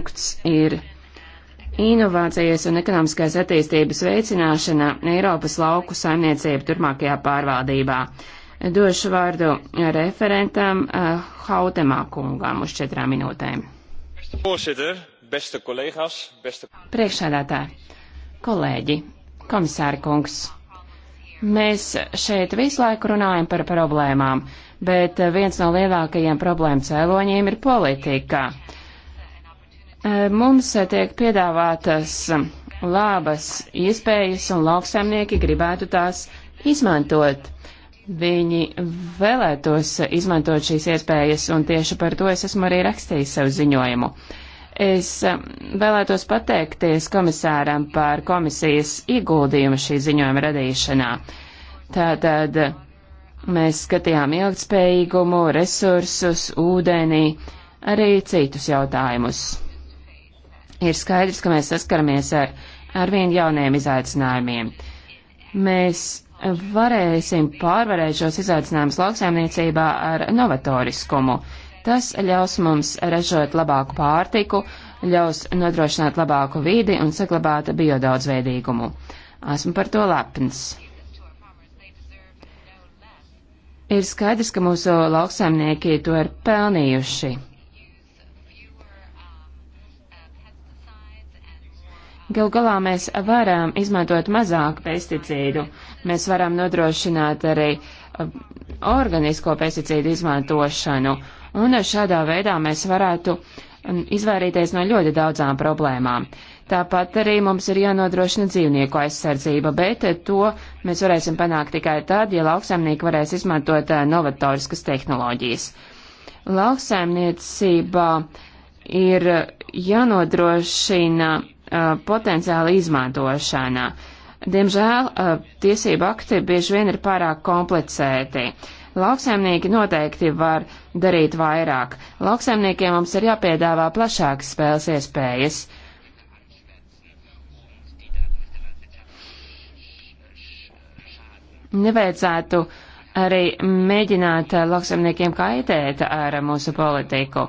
punkts ir inovācijas un ekonomiskās attīstības veicināšana Eiropas lauku saimniecību turmākajā pārvaldībā. Došu vārdu referentam uh, Hautemā kungām uz četrām minūtēm. Priekšsēdētāji, kolēģi, komisāri kungs. Mēs šeit visu laiku runājam par problēmām, bet viens no lielākajiem problēmu cēloņiem ir politika. Uh, Eh, mums eh, tiek piedāvātas labas iespējas, un lauksaimnieki gribētu tās izmantot. Viņi vēlētos izmantot šīs iespējas, un tieši par to es esmu arī rakstījis savu ziņojumu. Es eh, vēlētos pateikties komisāram par komisijas ieguldījumu šī ziņojuma radīšanā. Tātad mēs skatījām ilgspējīgumu, resursus, ūdenī, arī citus jautājumus. Ir skaidrs, ka mēs saskaramies ar arvien jauniem izaicinājumiem. Mēs varēsim pārvarēt šos izaicinājumus lauksaimniecībā ar novatoriskumu. Tas ļaus mums ražot labāku pārtiku, ļaus nodrošināt labāku vīdi un saglabāt biodaudzveidīgumu. Esmu par to lepns. Ir skaidrs, ka mūsu lauksaimnieki to ir pelnījuši. Gal galā mēs varam izmantot mazāk pesticīdu, mēs varam nodrošināt arī uh, organisko pesticīdu izmantošanu, un šādā veidā mēs varētu um, izvairīties no ļoti daudzām problēmām. Tāpat arī mums ir jānodrošina dzīvnieku aizsardzība, bet uh, to mēs varēsim panākt tikai tad, ja lauksaimnieki varēs izmantot uh, novatoriskas tehnoloģijas. Lauksaimniecībā ir jānodrošina Uh, potenciāla izmantošanā. Diemžēl uh, tiesība akti bieži vien ir pārāk komplicēti. Lauksaimnieki noteikti var darīt vairāk. Lauksaimniekiem mums ir jāpiedāvā plašākas spēles iespējas. Nevajadzētu arī mēģināt uh, lauksaimniekiem kaitēt ar mūsu politiku.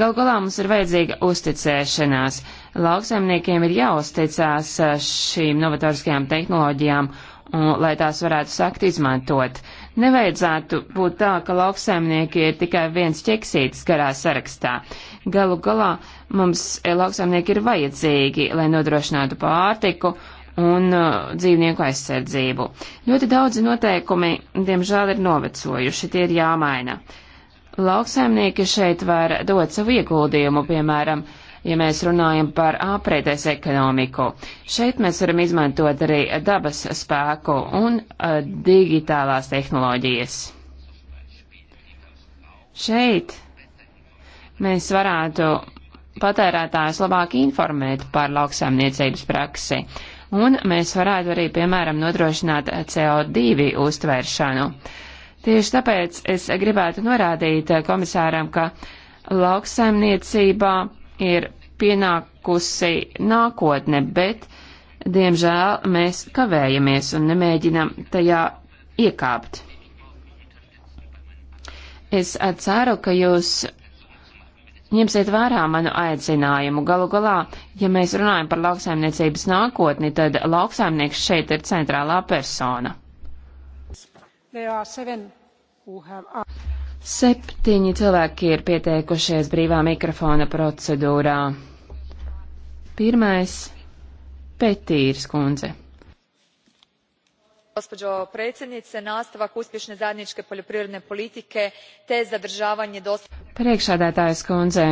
Galu galā mums ir vajadzīga uzticēšanās. Uh, Lauksaimniekiem ir jāuzticās eh, šīm novatoriskajām tehnoloģijām, un, lai tās varētu sākt izmantot. Nevajadzētu būt tā, ka lauksaimnieki ir tikai viens ķeksītis garā sarakstā. Galu galā mums eh, lauksaimnieki ir vajadzīgi, lai nodrošinātu pārtiku un uh, dzīvnieku aizsardzību. Ļoti daudzi noteikumi, diemžēl, ir novecojuši, tie ir jāmaina. Lauksaimnieki šeit var dot savu ieguldījumu, piemēram, uh, ja mēs runājam par āprēdēs ekonomiku. Šeit mēs varam izmantot arī dabas spēku un uh, digitālās tehnoloģijas. Šeit mēs varētu patērētājs labāk informēt par lauksaimniecības praksi, un mēs varētu arī, piemēram, nodrošināt CO2 uztvēršanu. Tieši tāpēc es gribētu norādīt komisāram, ka lauksaimniecībā ir pienākusi nākotne, bet, diemžēl, mēs kavējamies un nemēģinam tajā iekāpt. Es ceru, ka jūs Ņemsiet vērā manu aicinājumu. Galu galā, ja mēs runājam par lauksaimniecības nākotni, tad lauksaimnieks šeit ir centrālā persona. Have... Septiņi cilvēki ir pieteikušies brīvā mikrofona procedūrā. Pirmais - Petīrs kundze. Gospođo predsjednice, nastavak uspješne zajedničke poljoprivredne politike te zadržavanje dosta... Priekšādētājs kundze,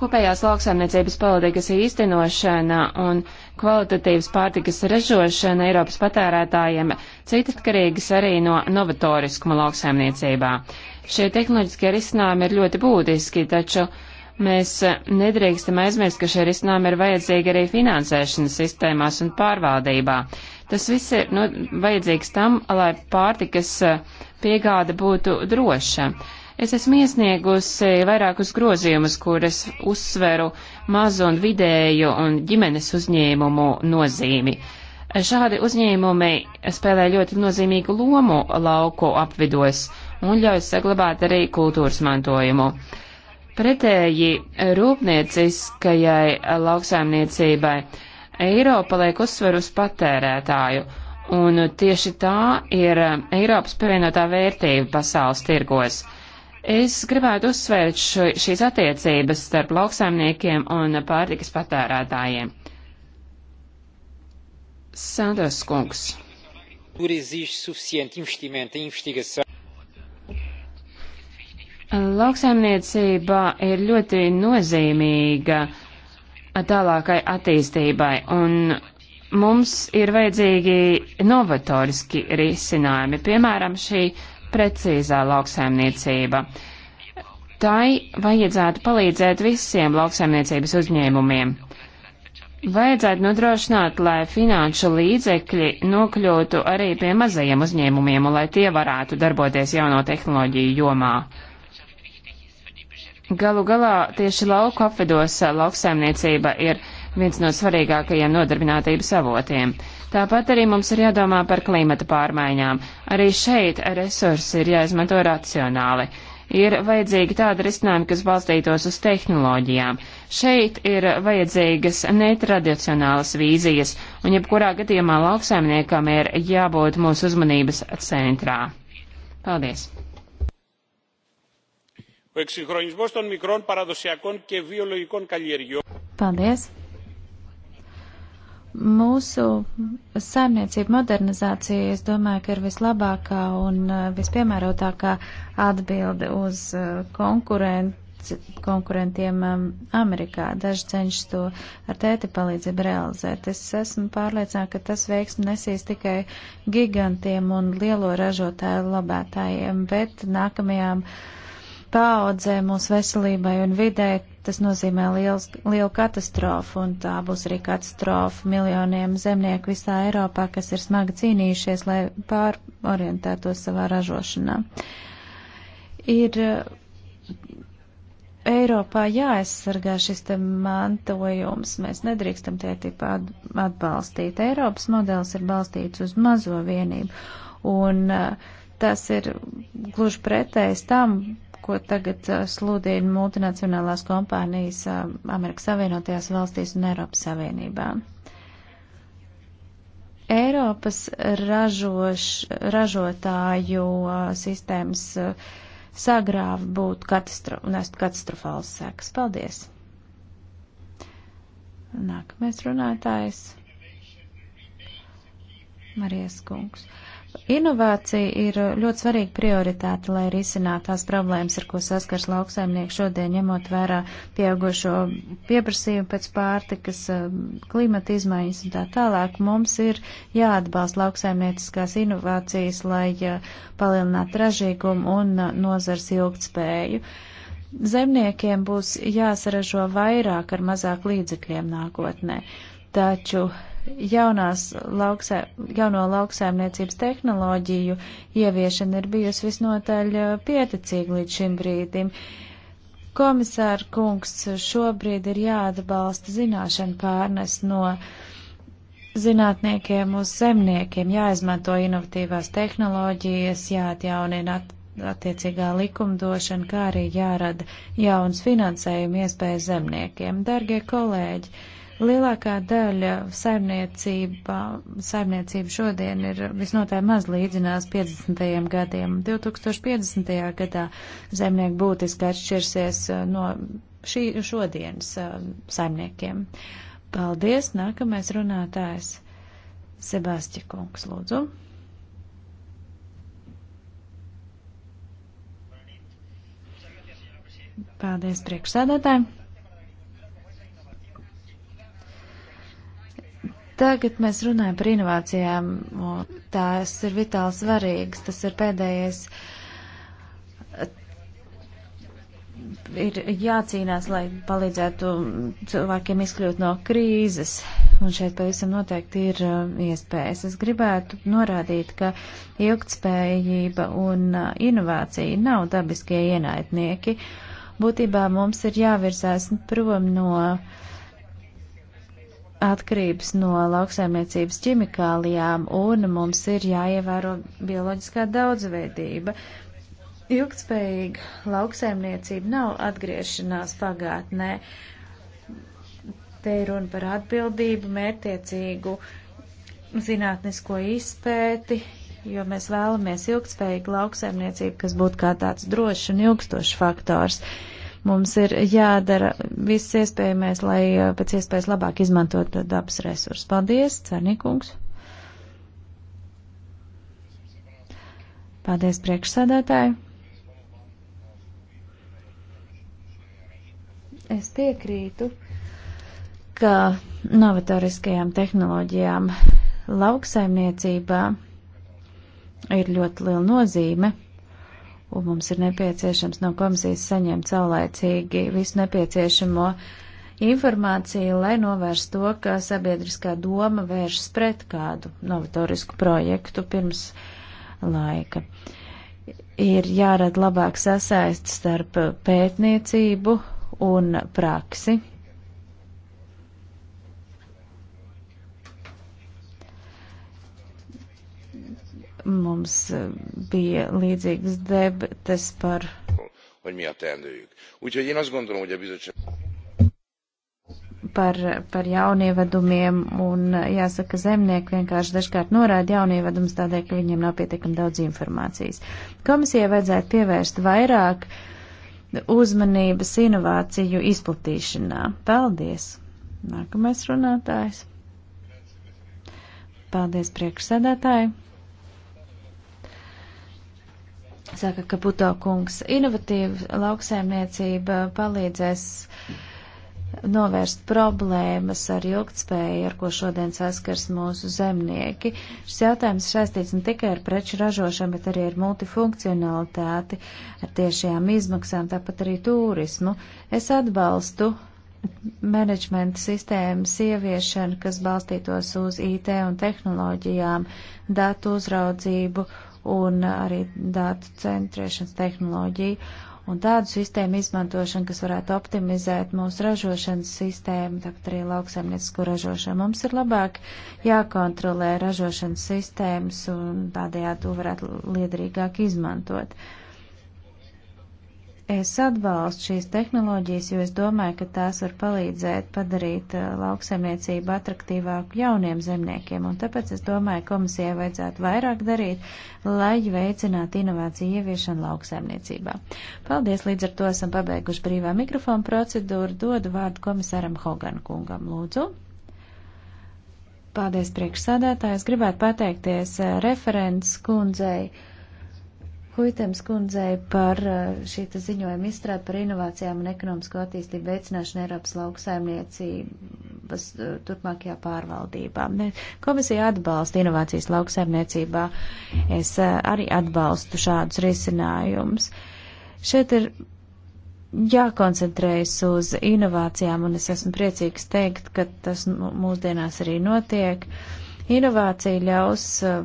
Kopējās lauksaimniecības politikas īstenošana un kvalitatīvas pārtikas ražošana Eiropas patērētājiem cita atkarīgas arī no novatoriskuma lauksaimniecībā. Šie tehnoloģiskie risinājumi ir ļoti būtiski, taču mēs nedrīkstam aizmirst, ka šie risinājumi ir vajadzīgi arī finansēšanas sistēmās un pārvaldībā. Tas viss ir nu, vajadzīgs tam, lai pārtikas piegāde būtu droša. Uh, Es esmu iesniegusi vairākus grozījumus, kuras uzsveru mazu un vidēju un ģimenes uzņēmumu nozīmi. Šādi uzņēmumi spēlē ļoti nozīmīgu lomu lauku apvidos un ļauj saglabāt arī kultūras mantojumu. Pretēji rūpnieciskajai lauksaimniecībai Eiropa liek uzsveru uz patērētāju, un tieši tā ir Eiropas pievienotā vērtība pasaules tirgos. Es gribētu uzsvērt šo, šīs attiecības starp lauksaimniekiem un pārtikas patērētājiem. Sandras Kungs. Lauksaimniecība ir ļoti nozīmīga tālākai attīstībai, un mums ir vajadzīgi novatoriski risinājumi. Piemēram, šī precīzā lauksaimniecība. Tai vajadzētu palīdzēt visiem lauksaimniecības uzņēmumiem. Vajadzētu nodrošināt, lai finanšu līdzekļi nokļūtu arī pie mazajiem uzņēmumiem un lai tie varētu darboties jauno tehnoloģiju jomā. Galu galā tieši lauku apvidos lauksaimniecība ir viens no svarīgākajiem nodarbinātības avotiem. Tāpat arī mums ir jādomā par klimata pārmaiņām. Arī šeit resursi ir jāizmanto racionāli. Ir vajadzīgi tāda risinājuma, kas balstītos uz tehnoloģijām. Šeit ir vajadzīgas netradicionālas vīzijas, un jebkurā gadījumā lauksaimniekam ir jābūt mūsu uzmanības centrā. Paldies! Ο εξυγχρονισμός των μικρών παραδοσιακών και βιολογικών καλλιεργειών. Paldies! Mūsu saimniecība modernizācija, es domāju, ka ir vislabākā un uh, vispiemērotākā atbilde uz uh, konkurenci, konkurentiem um, Amerikā. Daži cenšas to ar tēti palīdzību realizēt. Es esmu pārliecināta, ka tas veiksmi nesīs tikai gigantiem un lielo ražotāju labētājiem, bet nākamajām paaudzē mūsu veselībai un vidē, Tas nozīmē liels, lielu katastrofu, un tā būs arī katastrofa miljoniem zemnieku visā Eiropā, kas ir smagi cīnījušies, lai pārorientētos savā ražošanā. Ir eh, Eiropā jāaizsargā šis te mantojums. Mēs nedrīkstam tie tik atbalstīt. Eiropas modelis ir balstīts uz mazo vienību. Un uh, tas ir gluži pretējs tam, ko tagad uh, sludina multinacionālās kompānijas uh, Amerikas Savienotajās valstīs un Eiropas Savienībā. Eiropas ražoš, ražotāju uh, sistēmas sagrāva būtu katastro, katastrofāls sekas. Paldies! Nākamais runātājs. Marijas kungs. Uh, Inovācija ir ļoti svarīga prioritāte, lai risinātu tās problēmas, ar ko saskars lauksaimnieki šodien, ņemot vērā pieaugušo pieprasījumu pēc pārtikas, um, klimata izmaiņas un tā tālāk. Mums ir jāatbalsta lauksaimnieciskās inovācijas, lai uh, palielinātu ražīgumu un uh, nozars ilgtspēju. Zemniekiem būs jāsaražo vairāk ar mazāk līdzekļiem nākotnē, taču jaunās lauksē, jauno lauksēmniecības tehnoloģiju ieviešana ir bijusi visnotaļ eh, pieticīga līdz šim brīdim. Komisāra kungs šobrīd ir jāatbalsta zināšana pārnes no zinātniekiem uz zemniekiem, jāizmanto inovatīvās tehnoloģijas, jāatjaunina attiecīgā likumdošana, kā arī jārada jauns finansējuma iespējas zemniekiem. Dargie kolēģi! Lielākā daļa saimniecība, saimniecība šodien ir visnotaļ maz līdzinās 50. gadiem. 2050. gadā zemnieki būtiski atšķirsies uh, no šī šodienas uh, saimniekiem. Paldies, nākamais runātājs Sebastija Kungs, lūdzu. Paldies priekšsēdētājiem. Tagad mēs runājam par inovācijām, tās ir vitāli svarīgas, tas ir pēdējais. Ir jācīnās, lai palīdzētu cilvēkiem izkļūt no krīzes, un šeit pavisam noteikti ir uh, iespējas. Es gribētu norādīt, ka ilgtspējība un uh, inovācija nav dabiskie ienaidnieki. Būtībā mums ir jāvirzās prom no uh, atkarības no lauksaimniecības ķimikālijām un mums ir jāievēro bioloģiskā daudzveidība. Ilgtspējīga lauksaimniecība nav atgriešanās pagātnē. Te ir runa par atbildību, mērtiecīgu zinātnisko izpēti, jo mēs vēlamies ilgtspējīgu lauksaimniecību, kas būtu kā tāds drošs un ilgstošs faktors. Uh, Mums ir jādara viss iespējamais, lai eh, pēc iespējas labāk izmantot dabas resursus. Paldies, Cernikungs! Paldies, priekšsādātāji! Es piekrītu, ka novatoriskajām tehnoloģijām lauksaimniecībā ir ļoti liela nozīme un mums ir nepieciešams no komisijas saņemt caulēcīgi visu nepieciešamo informāciju, lai novērst to, ka sabiedriskā doma vēršas pret kādu novatorisku projektu pirms laika. Ir jārada labāk sasaist starp pētniecību un praksi Mums e, bija līdzīgas debates par. Par, par jaunievedumiem, un jāsaka, zemnieki vienkārši dažkārt norāda jaunievedumus tādēļ, ka viņiem nav pietiekami daudz informācijas. Komisijai vajadzētu pievērst vairāk uzmanības inovāciju izplatīšanā. Paldies! Nākamais runātājs. Paldies priekšsēdētāji! Saka, ka Buto kungs inovatīva lauksēmniecība palīdzēs novērst problēmas ar ilgtspēju, ar ko šodien saskars mūsu zemnieki. Šis jautājums saistīts ne tikai ar preču ražošanu, bet arī ar multifunkcionalitāti, ar tiešajām izmaksām, tāpat arī turismu. Es atbalstu menedžmenta sistēmas ieviešanu, kas balstītos uz IT un tehnoloģijām, datu uzraudzību un arī datu centrēšanas tehnoloģiju. Un tādu sistēmu izmantošanu, kas varētu optimizēt mūsu ražošanas sistēmu, tāpat arī lauksaimniecisku ražošanu. Mums ir labāk jākontrolē ražošanas sistēmas un tādējādi to varētu liederīgāk izmantot. Uh, Es atbalstu šīs tehnoloģijas, jo es domāju, ka tās var palīdzēt padarīt uh, lauksaimniecību atraktīvāku jauniem zemniekiem, un tāpēc es domāju, komisijai vajadzētu vairāk darīt, lai veicinātu inovāciju ieviešanu lauksaimniecībā. Paldies, līdz ar to esam pabeiguši brīvā mikrofona procedūru. Dodu vārdu komisaram Hogan kungam, lūdzu. Paldies, priekšsādātājs. Gribētu pateikties uh, referents kundzei Kuitams kundzei par uh, šī ziņojuma izstrādi par inovācijām un ekonomisko attīstību veicināšanu Eiropas lauksaimniecības uh, turpmākajā pārvaldībā. Komisija atbalsta inovācijas lauksaimniecībā. Es uh, arī atbalstu šādus risinājumus. Šeit ir jākoncentrējas uz inovācijām, un es esmu priecīgs teikt, ka tas mūsdienās arī notiek. Uh, Inovācija ļaus uh,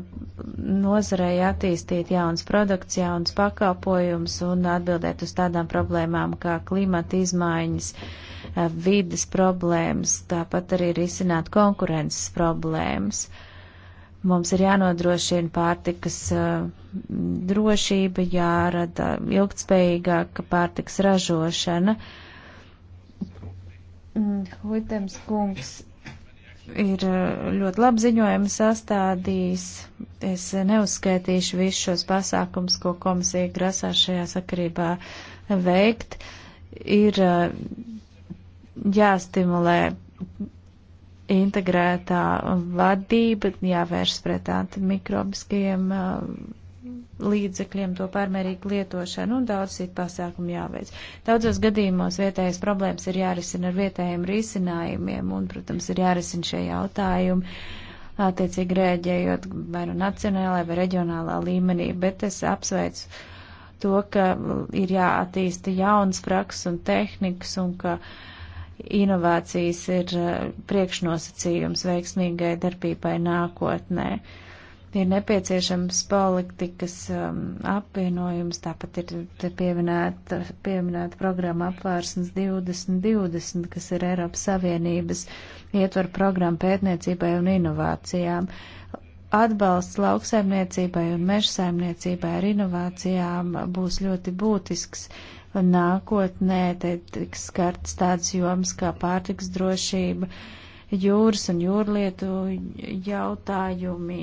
nozarei attīstīt jaunas produkts, jaunas pakalpojums un atbildēt uz tādām problēmām kā klimata izmaiņas, uh, vidas problēmas, tāpat arī risināt konkurences problēmas mums ir jānodrošina pārtikas uh, drošība, jārada ilgtspējīgāka pārtikas ražošana. Mm, Huitems kungs ir e, ļoti labi ziņojumi sastādījis. Es neuzskaitīšu visus šos pasākums, ko komisija grasās šajā sakarībā veikt. Ir e, jāstimulē integrētā vadība, jāvērš pret antimikrobiskajiem uh, līdzekļiem, to pārmērīgu lietošanu un daudz citu pasākumu jāveic. Daudzos gadījumos vietējas problēmas ir jārisina ar vietējiem risinājumiem un, protams, ir jārisina šie jautājumi attiecīgi rēģējot vai nu nacionālā vai reģionālā līmenī, bet es apsveicu to, ka ir jāattīsta jauns praks un tehnikas un ka inovācijas ir eh, priekšnosacījums veiksmīgai darbībai nākotnē. Uh, ir nepieciešams politikas um, apvienojums, tāpat ir te pieminēta, pieminēta programma apvērsnes 2020, kas ir Eiropas Savienības ietver programma pētniecībai un inovācijām. Atbalsts lauksaimniecībai un mežsaimniecībai ar inovācijām būs ļoti būtisks nākotnē, te tiks skarts tāds joms kā pārtiks drošība. Uh, jūras un jūrlietu jautājumi,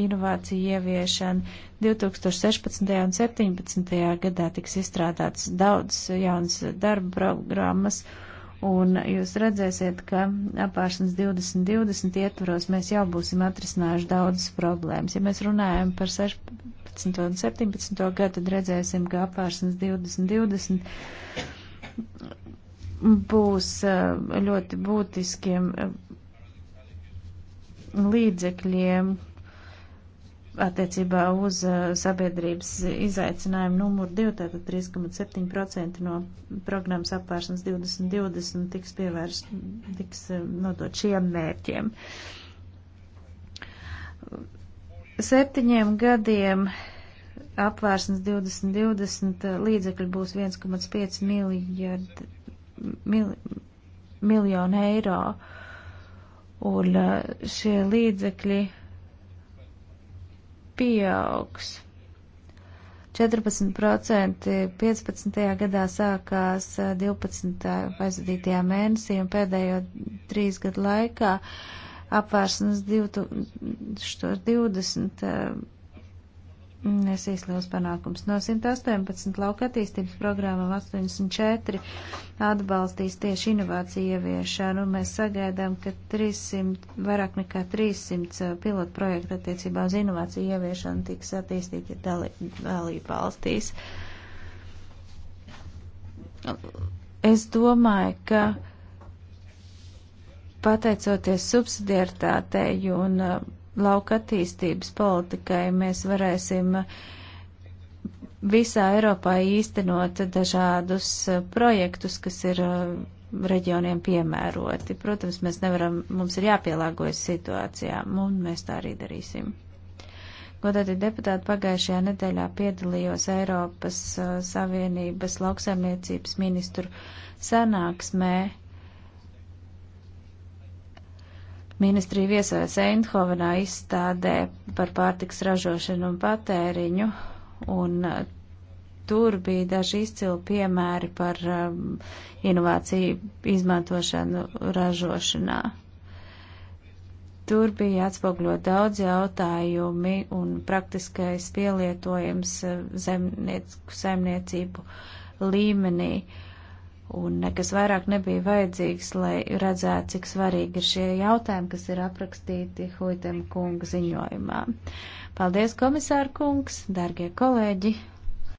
inovācija ieviešana. 2016. un 2017. gadā tiks izstrādāts daudz jaunas darba programmas. Un jūs redzēsiet, ka apvārsnes 2020 ietvaros mēs jau būsim atrisinājuši daudzas problēmas. Ja mēs runājam par 16. un 17. gadu, tad redzēsim, ka apvārsnes 2020 būs eh, ļoti būtiskiem eh, līdzekļiem attiecībā uz eh, sabiedrības izaicinājumu numuru 2, tātad 3,7% no programmas apvēršanas 2020 tiks pievērst, tiks nodot šiem mērķiem. Septiņiem gadiem apvērsnes 2020 līdzekļi būs 1,5 miljardi mil, miljonu eiro. Un uh, šie līdzekļi pieaugs. 14% 15. gadā sākās 12. Uh, aizvadītajā mēnesī un pēdējo trīs gadu laikā apvērsnes 2020 nesīs liels panākums. No 118 lauka attīstības programmām 84 atbalstīs tieši inovāciju ieviešanu. Mēs sagaidām, ka 300, vairāk nekā 300 uh, pilotu projektu attiecībā uz inovāciju ieviešanu tiks attīstīti dalību valstīs. Es domāju, ka pateicoties subsidiartātei un uh, lauka attīstības politikai mēs varēsim visā Eiropā īstenot dažādus projektus, kas ir uh, reģioniem piemēroti. Protams, mēs nevaram, mums ir jāpielāgojas situācijām, un mēs tā arī darīsim. Godāti deputāti, pagājušajā nedēļā piedalījos Eiropas uh, Savienības lauksaimniecības ministru sanāksmē, Ministrija viesojas Eindhovenā izstādē par pārtiks ražošanu un patēriņu, un uh, tur bija daži izcili piemēri par um, inovāciju izmantošanu ražošanā. Tur bija atspogļot daudz jautājumi un praktiskais pielietojums uh, zemniecku saimniecību līmenī. Uh, un nekas vairāk nebija vajadzīgs, lai redzētu, cik svarīgi ir šie jautājumi, kas ir aprakstīti Hoitem kunga ziņojumā. Paldies, komisāra kungs, dārgie kolēģi!